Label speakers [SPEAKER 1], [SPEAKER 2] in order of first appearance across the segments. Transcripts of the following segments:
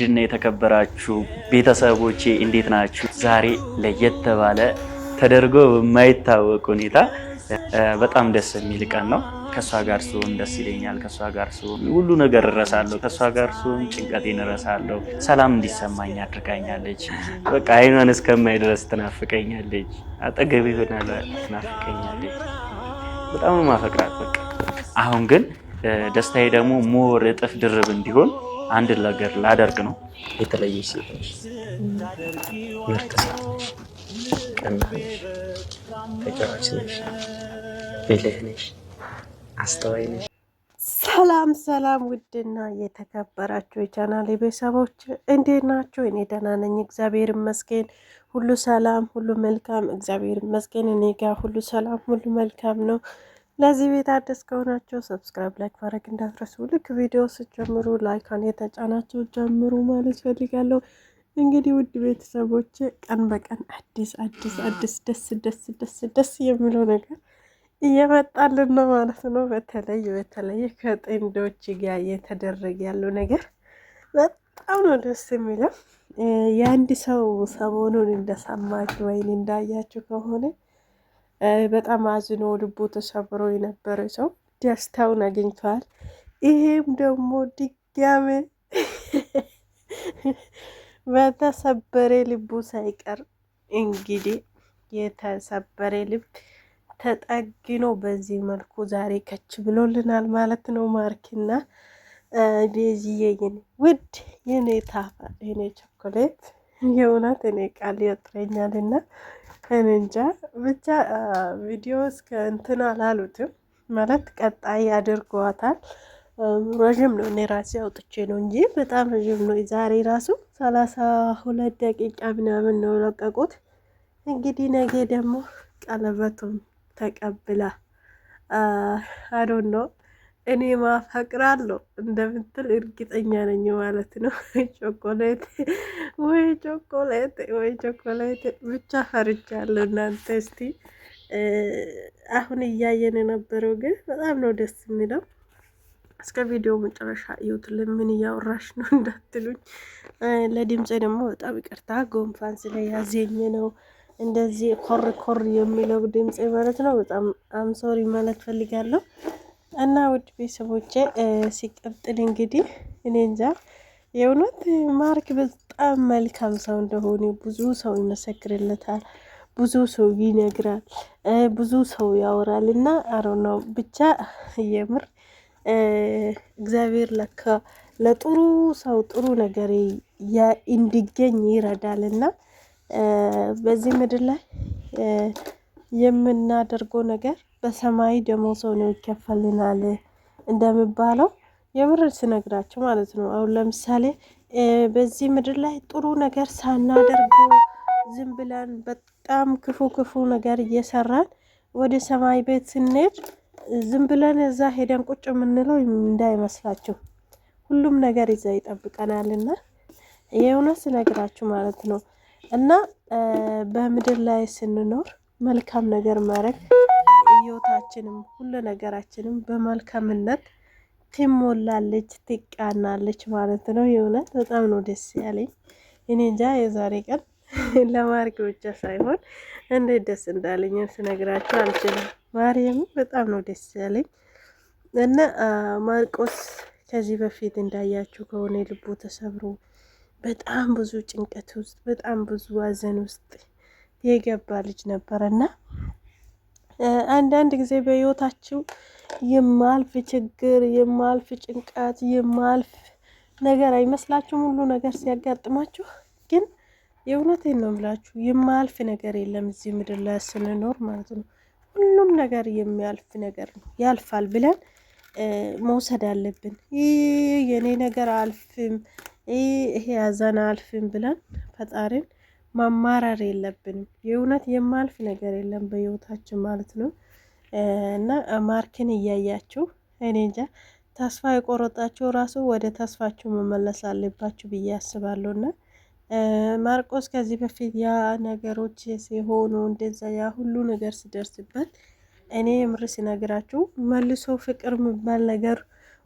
[SPEAKER 1] ድና የተከበራችሁ ቤተሰቦቼ እንዴት ናችሁ? ዛሬ ለየት ተባለ ተደርጎ በማይታወቅ ሁኔታ በጣም ደስ የሚል ቀን ነው። ከእሷ ጋር ሲሆን ደስ ይለኛል። ከእሷ ጋር ሲሆን ሁሉ ነገር እረሳለሁ። ከእሷ ጋር ሲሆን ጭንቀቴን እረሳለሁ። ሰላም እንዲሰማኝ አድርጋኛለች። በቃ አይኗን እስከማይ ድረስ ትናፍቀኛለች። አጠገቤ ሆናለ ትናፍቀኛለች። በጣም ማፈቅራት። በቃ አሁን ግን ደስታዬ ደግሞ ሞር እጥፍ ድርብ እንዲሆን አንድ ነገር ላደርግ ነው። የተለየ ሴት ነሽ፣ ምርጥ ሴት ነሽ፣ ቀና ነሽ፣ ተጫዋች ነሽ፣ ብልህ ነሽ፣ አስተዋይ ነሽ።
[SPEAKER 2] ሰላም ሰላም! ውድና የተከበራችሁ የቻናል ቤተሰቦች እንዴት ናችሁ? እኔ ደህና ነኝ፣ እግዚአብሔር ይመስገን። ሁሉ ሰላም፣ ሁሉ መልካም፣ እግዚአብሔር ይመስገን። እኔ ጋር ሁሉ ሰላም፣ ሁሉ መልካም ነው። ለዚህ ቤት አዲስ ከሆናችሁ ሰብስክራይብ ላይክ ማድረግ እንዳትረሱ። ልክ ቪዲዮ ስትጀምሩ ላይካን የተጫናቸው ጀምሩ ማለት ፈልጋለሁ። እንግዲህ ውድ ቤተሰቦች ቀን በቀን አዲስ አዲስ አዲስ ደስ ደስ ደስ ደስ የሚለው ነገር እየመጣልን ነው ማለት ነው። በተለይ በተለይ ከጥንዶች ጋር እየተደረገ ያለው ነገር በጣም ነው ደስ የሚለው። የአንድ ሰው ሰሞኑን እንደሰማችሁ ወይን እንዳያችሁ ከሆነ በጣም አዝኖ ልቦ ተሰብሮ የነበረ ሰው ደስታውን አግኝቷል። ይሄም ደግሞ ድጋሜ በተሰበረ ልቡ ሳይቀር እንግዲህ የተሰበረ ልብ ተጠግኖ በዚህ መልኩ ዛሬ ከች ብሎልናል ማለት ነው። ማርኪና ቤዚዬ የኔ ውድ የኔ ታፋ የኔ ቸኮሌት የእውነት እኔ ቃል ያጥረኛል እና እንጃ ብቻ ቪዲዮ እስከ እንትን አላሉትም ማለት ቀጣይ አድርጓታል። ረዥም ነው። እኔ ራሴ አውጥቼ ነው እንጂ በጣም ረዥም ነው። ዛሬ ራሱ ሰላሳ ሁለት ደቂቃ ምናምን ነው ለቀቁት። እንግዲህ ነገ ደግሞ ቀለበቱን ተቀብላ አዶን ነው እኔ ማፈቅራለሁ እንደምትል እርግጠኛ ነኝ ማለት ነው። ቾኮሌት ወይ ቾኮሌት ወይ ቾኮሌት ብቻ ፈርቻለሁ። እናንተ እስቲ አሁን እያየን የነበረው ግን በጣም ነው ደስ የሚለው። እስከ ቪዲዮ መጨረሻ እዩት። ለምን እያወራሽ ነው እንዳትሉኝ። ለድምፅ ደግሞ በጣም ይቅርታ፣ ጎንፋን ስለያዘኝ ነው እንደዚህ ኮር ኮር የሚለው ድምፅ ማለት ነው። በጣም አምሶሪ ማለት ፈልጋለሁ። እና ውድ ቤተሰቦቼ ሲቀጥል እንግዲህ እኔ እንጃ የእውነት ማርክ በጣም መልካም ሰው እንደሆነ ብዙ ሰው ይመሰክርለታል፣ ብዙ ሰው ይነግራል፣ ብዙ ሰው ያወራል። እና ነው ብቻ የምር እግዚአብሔር ለካ ለጥሩ ሰው ጥሩ ነገር እንዲገኝ ይረዳል። እና በዚህ ምድር ላይ የምናደርገው ነገር በሰማይ ሰው ነው ይከፈልናል እንደሚባለው የምር ስነግራቸው ማለት ነው። አሁን ለምሳሌ በዚህ ምድር ላይ ጥሩ ነገር ሳናደርጉ ዝም ብለን በጣም ክፉ ክፉ ነገር እየሰራን ወደ ሰማይ ቤት ስንሄድ ዝም ብለን እዛ ሄደን ቁጭ የምንለው እንዳይመስላችሁ ሁሉም ነገር ይዛ ይጠብቀናልና የእውነት ስነግራችሁ ማለት ነው። እና በምድር ላይ ስንኖር መልካም ነገር ማድረግ ህይወታችንም ሁሉ ነገራችንም በመልካምነት ትሞላለች፣ ትቃናለች ማለት ነው። የእውነት በጣም ነው ደስ ያለኝ። እኔ እንጃ የዛሬ ቀን ለማርክ ብቻ ሳይሆን እንዴት ደስ እንዳለኝ ስነግራቸው አልችልም። ማርያም በጣም ነው ደስ ያለኝ እና ማርቆስ ከዚህ በፊት እንዳያችሁ ከሆነ ልቡ ተሰብሮ በጣም ብዙ ጭንቀት ውስጥ በጣም ብዙ ሀዘን ውስጥ የገባ ልጅ ነበረና አንዳንድ ጊዜ በህይወታችሁ የማልፍ ችግር፣ የማልፍ ጭንቀት፣ የማልፍ ነገር አይመስላችሁም። ሁሉ ነገር ሲያጋጥማችሁ ግን የእውነቴን ነው የምላችሁ የማያልፍ ነገር የለም እዚህ ምድር ላይ ስንኖር ማለት ነው። ሁሉም ነገር የሚያልፍ ነገር ነው ያልፋል ብለን መውሰድ አለብን። ይህ የኔ ነገር አልፍም፣ ይሄ ያዘን አልፍም ብለን ፈጣሪን ማማረር የለብንም። የእውነት የማልፍ ነገር የለም በህይወታችን ማለት ነው። እና ማርክን እያያችሁ እኔ እንጃ ተስፋ የቆረጣችሁ ራሱ ወደ ተስፋችሁ መመለስ አለባችሁ ብዬ አስባለሁ። እና ማርቆስ ከዚህ በፊት ያ ነገሮች ሲሆኑ እንደዛ ያ ሁሉ ነገር ሲደርስበት እኔ የምር ሲነግራችሁ መልሶ ፍቅር የሚባል ነገር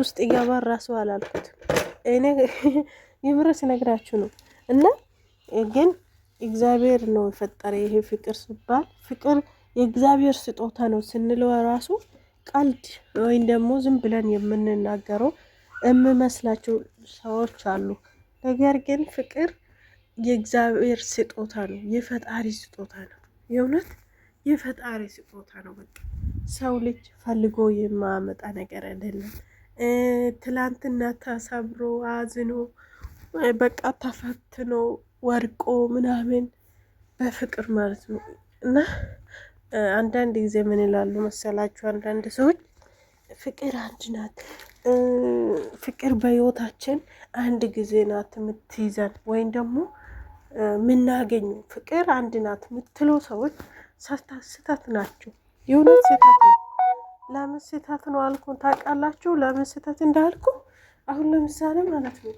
[SPEAKER 2] ውስጥ ይገባ ራሱ አላልኩት። እኔ የምር ሲነግራችሁ ነው እና ግን እግዚአብሔር ነው የፈጠረ። ይሄ ፍቅር ሲባል ፍቅር የእግዚአብሔር ስጦታ ነው ስንለው ራሱ ቀልድ ወይም ደግሞ ዝም ብለን የምንናገረው የምመስላቸው ሰዎች አሉ። ነገር ግን ፍቅር የእግዚአብሔር ስጦታ ነው፣ የፈጣሪ ስጦታ ነው። የእውነት የፈጣሪ ስጦታ ነው። በቃ ሰው ልጅ ፈልጎ የማመጣ ነገር አይደለም። ትላንትና ተሰብሮ አዝኖ በቃ ተፈትኖ ወርቆ ምናምን በፍቅር ማለት ነው። እና አንዳንድ ጊዜ ምን ይላሉ መሰላችሁ? አንዳንድ ሰዎች ፍቅር አንድ ናት፣ ፍቅር በህይወታችን አንድ ጊዜ ናት የምትይዘን ወይም ደግሞ የምናገኙ ፍቅር አንድ ናት የምትለው ሰዎች ስህተት ናቸው። የእውነት ስህተት ነው። ለምን ስህተት ነው አልኩን ታውቃላችሁ? ለምን ስህተት እንዳልኩ አሁን ለምሳሌ ማለት ነው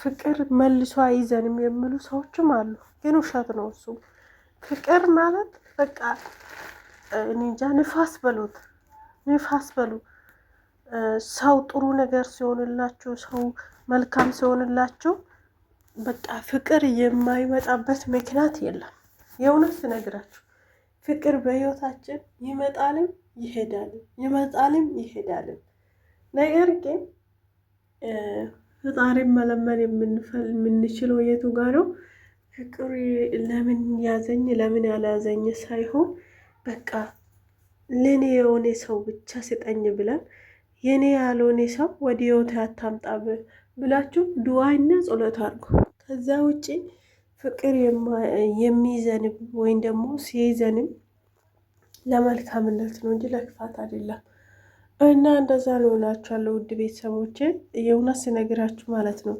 [SPEAKER 2] ፍቅር መልሶ አይዘንም የሚሉ ሰዎችም አሉ። ግን ውሸት ነው እሱ። ፍቅር ማለት በቃ እንጃ ንፋስ በሉት ንፋስ በሉ። ሰው ጥሩ ነገር ሲሆንላችሁ፣ ሰው መልካም ሲሆንላችሁ በቃ ፍቅር የማይመጣበት ምክንያት የለም። የእውነት ስነግራችሁ ፍቅር በህይወታችን ይመጣልም ይሄዳልም፣ ይመጣልም ይሄዳልም። ነገር ግን ፈጣሪን መለመን የምንችለው የቱ ጋ ነው? ፍቅር ለምን ያዘኝ ለምን ያልያዘኝ ሳይሆን በቃ ለእኔ የሆነ ሰው ብቻ ስጠኝ ብለን የእኔ ያልሆነ ሰው ወደ ህይወት ያታምጣ ብላችሁ ዱዋይና ጸሎት አድርጉ። ከዛ ውጭ ፍቅር የሚዘንብ ወይም ደግሞ ሲይዘንም ለመልካምነት ነው እንጂ ለክፋት አይደለም። እና እንደዛ ልውላችኋለሁ ውድ ቤተሰቦቼ፣ የእውነት ስነግራችሁ ማለት ነው።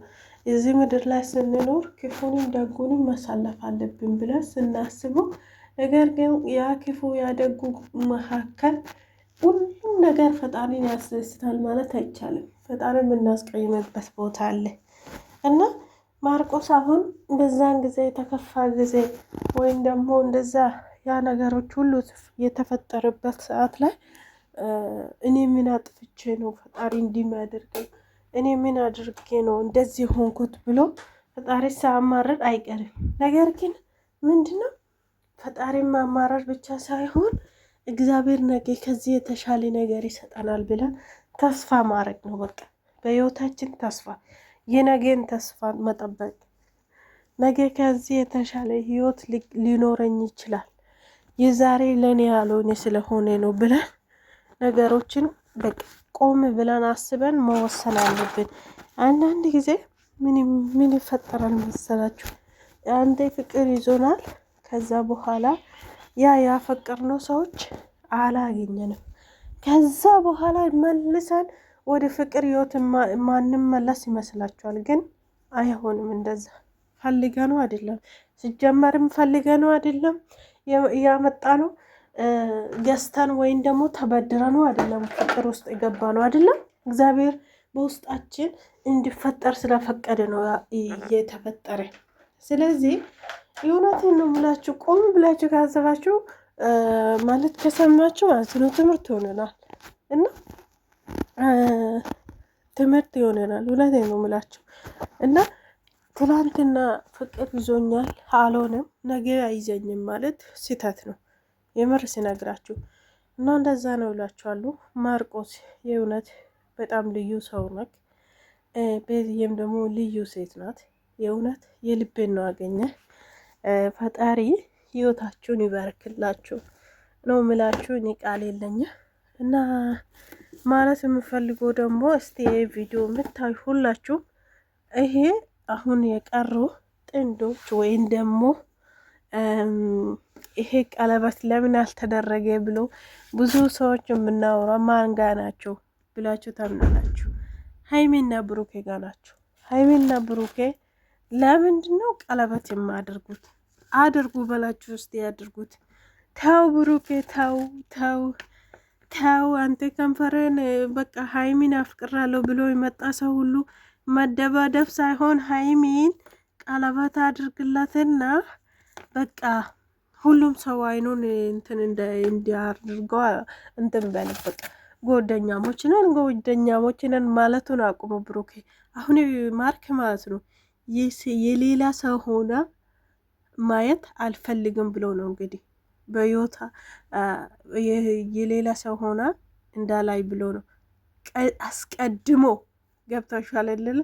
[SPEAKER 2] እዚህ ምድር ላይ ስንኖር ክፉንም ደጉንም መሳለፍ አለብን ብለን ስናስቡ ነገር ግን ያ ክፉ ያደጉ መካከል ሁሉም ነገር ፈጣሪን ያስደስታል ማለት አይቻልም። ፈጣሪ የምናስቀይምበት ቦታ አለ እና ማርቆስ አሁን በዛን ጊዜ የተከፋ ጊዜ ወይም ደግሞ እንደዛ ያ ነገሮች ሁሉ የተፈጠረበት ሰዓት ላይ እኔ ምን አጥፍቼ ነው ፈጣሪ እንዲሚያደርገኝ? እኔ ምን አድርጌ ነው እንደዚህ ሆንኩት ብሎ ፈጣሪ ሳማረር አይቀርም። ነገር ግን ምንድነው ፈጣሪ ማማረር ብቻ ሳይሆን እግዚአብሔር ነገ ከዚህ የተሻለ ነገር ይሰጠናል ብለን ተስፋ ማድረግ ነው። በቃ በህይወታችን ተስፋ የነገን ተስፋ መጠበቅ ነገ ከዚህ የተሻለ ህይወት ሊኖረኝ ይችላል የዛሬ ለእኔ ያልሆነ ስለሆነ ነው ብለን ነገሮችን በቃ ቆም ብለን አስበን መወሰን አለብን። አንዳንድ ጊዜ ምን ይፈጠራል መሰላችሁ? አንዴ ፍቅር ይዞናል። ከዛ በኋላ ያ ያፈቀርነው ሰዎች አላገኘንም። ከዛ በኋላ መልሰን ወደ ፍቅር ህይወት ማንመለስ ይመስላችኋል። ግን አይሆንም። እንደዛ ፈልገ ነው አይደለም፣ ሲጀመርም ፈልገ ነው አይደለም ያመጣ ነው ገዝተን ወይም ደግሞ ተበድረን አይደለም ፍቅር ውስጥ የገባ ነው አይደለም። እግዚአብሔር በውስጣችን እንዲፈጠር ስለፈቀደ ነው የተፈጠረ። ስለዚህ የእውነትን ነው ብላችሁ ቆም ብላችሁ ካሰባችሁ ማለት ከሰማችሁ ማለት ነው ትምህርት ይሆነናል እና ትምህርት ይሆነናል። እውነቴን ነው የምላችሁ እና ትላንትና ፍቅር ይዞኛል አልሆነም ነገ አይዘኝም ማለት ስህተት ነው። የምር ሲነግራችሁ እና እንደዛ ነው ይላችኋሉ። ማርቆስ የእውነት በጣም ልዩ ሰው ነክ፣ ቤዝዬም ደግሞ ልዩ ሴት ናት። የእውነት የልቤን ነው አገኘ። ፈጣሪ ህይወታችሁን ይባርክላችሁ ነው ምላችሁ። እኔ ቃል የለኝ እና ማለት የምፈልገው ደግሞ እስቲ ቪዲዮ የምታዩ ሁላችሁ ይሄ አሁን የቀሩ ጥንዶች ወይም ደግሞ ይሄ ቀለበት ለምን አልተደረገ ብሎ ብዙ ሰዎች የምናወራ ማንጋ ናቸው ብላችሁ ታምናላችሁ? ሀይሜና ብሩኬ ጋ ናቸው። ሀይሜና ብሩኬ ለምንድነው ቀለበት የማያደርጉት? አድርጉ በላችሁ ውስጥ ያድርጉት። ተው ብሩኬ ተው ተው ተው፣ አንተ ከንፈረን በቃ ሀይሚን አፍቅራለሁ ብሎ የመጣ ሰው ሁሉ መደባደብ ሳይሆን ሀይሚን ቀለበት አድርግላትና በቃ ሁሉም ሰው አይኑን እንትን እንደ እንዲያድርገው እንትን በል ጎደኛሞች ነን ጎደኛሞች ነን ማለቱን አቁሞ ብሩኬ፣ አሁን ማርክ ማለት ነው የሌላ ሰው ሆነ ማየት አልፈልግም ብሎ ነው እንግዲህ በዮታ የሌላ ሰው ሆና እንዳላይ ብሎ ነው አስቀድሞ ገብታችኋል አይደለ?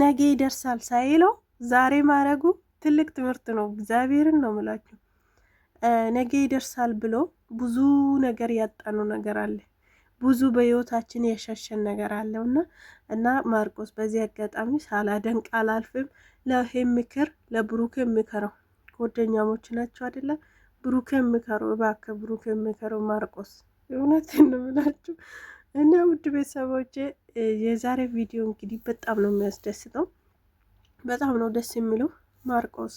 [SPEAKER 2] ነገ ይደርሳል ሳይለው ዛሬ ማረጉ ትልቅ ትምህርት ነው። እግዚአብሔርን ነው ምላችሁ። ነገ ይደርሳል ብሎ ብዙ ነገር ያጣኑ ነገር አለ። ብዙ በህይወታችን ያሻሸን ነገር አለው እና እና ማርቆስ በዚህ አጋጣሚ ሳላደንቅ አላልፍም። ለህ ምክር ለብሩክ ምከረው፣ ጓደኛሞች ናቸው አደለ? ብሩክ ምከረው፣ እባክህ ብሩክ የምከረው ማርቆስ። እውነት እንምላችሁ እና ውድ ቤተሰቦች የዛሬ ቪዲዮ እንግዲህ በጣም ነው የሚያስደስተው፣ በጣም ነው ደስ የሚለው። ማርቆስ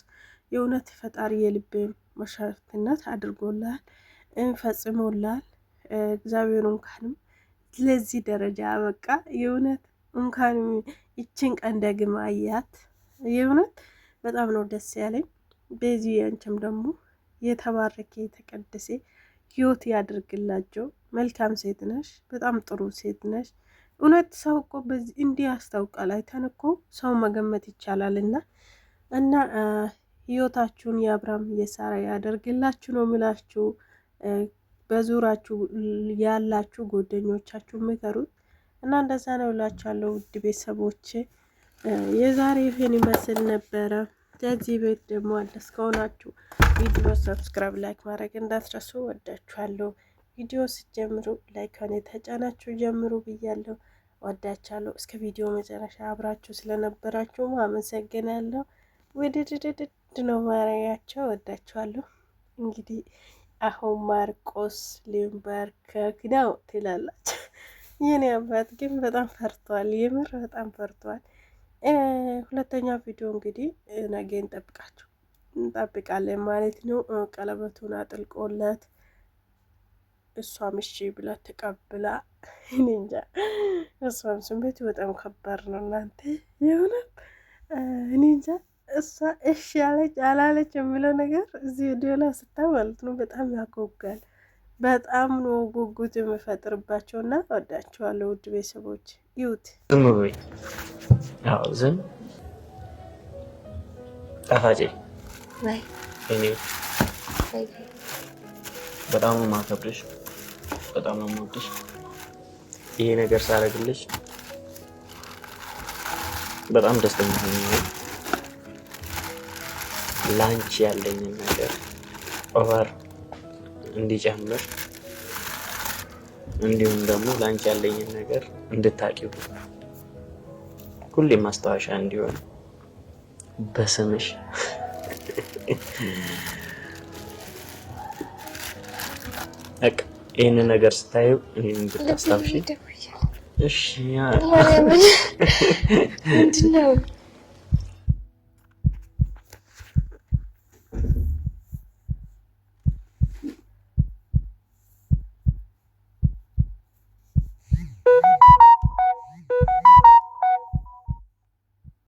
[SPEAKER 2] የእውነት ፈጣሪ የልብን መሻርትነት አድርጎላል ፈጽሞላል። እግዚአብሔር እንኳንም ለዚህ ደረጃ በቃ የእውነት እንኳን ይችን ቀን ደግማ አያት። የእውነት በጣም ነው ደስ ያለኝ። በዚህ ያንቺም ደግሞ የተባረከ የተቀደሰ ህይወት ያድርግላቸው። መልካም ሴት ነሽ፣ በጣም ጥሩ ሴት ነሽ። እውነት ሰው እኮ በዚህ እንዲህ ያስታውቃል። አይተን እኮ ሰው መገመት ይቻላል እና። እና ህይወታችሁን የአብርሃም የሳራ ያደርግላችሁ ነው ምላችሁ። በዙራችሁ ያላችሁ ጓደኞቻችሁ ምከሩት እና እንደዛ ነው እላችኋለሁ። ውድ ቤተሰቦች የዛሬ ይህን ይመስል ነበረ። ለዚህ ቤት ደግሞ አዲስ ከሆናችሁ ቪዲዮ ሰብስክራይብ፣ ላይክ ማድረግ እንዳትረሱ። ወዳችኋለሁ። ቪዲዮ ስትጀምሩ ላይክ ሆነ የተጫናችሁ ጀምሩ ብያለሁ። ወዳችኋለሁ። እስከ ቪዲዮ መጨረሻ አብራችሁ ስለነበራችሁ አመሰግናለሁ። ውድድድድድ ነው ማረጋቸው። ወዳችኋለሁ። እንግዲህ አሁን ማርቆስ ሊንበርከክ ነው ትላላችሁ። የኔ አባት ግን በጣም ፈርቷል። የምር በጣም ፈርቷል። ሁለተኛ ቪዲዮ እንግዲህ ነገ እንጠብቃችሁ እንጠብቃለን ማለት ነው። ቀለበቱን አጥልቆለት እሷ ምሽ ብላ ተቀብላ እንጃ እሷም ስሜት በጣም ከባድ ነው እናንተ የሆነ እኔ እንጃ እሷ እሺ ያለች አላለች የሚለው ነገር እዚህ ቪዲዮ ላይ ስታይ ማለት ነው በጣም ያጎጋል። በጣም ነው ጉጉት የምፈጥርባቸው እና ወዳቸዋለሁ። ውድ ቤተሰቦች ይዩት።
[SPEAKER 1] ዝም በይ ዝም ጣፋጭ በጣም ነው የማከብርሽ፣ በጣም ነው የምወድሽ። ይሄ ነገር ሳረግልሽ በጣም ደስተኛ ሆኜ ላንች ያለኝን ነገር ኦቨር እንዲጨምር እንዲሁም ደግሞ ላንች ያለኝን ነገር እንድታቂው ሁሌ ማስታወሻ እንዲሆን በስምሽ ይህንን ነገር ስታዩ እኔን እንድታስታውሽ እሺ።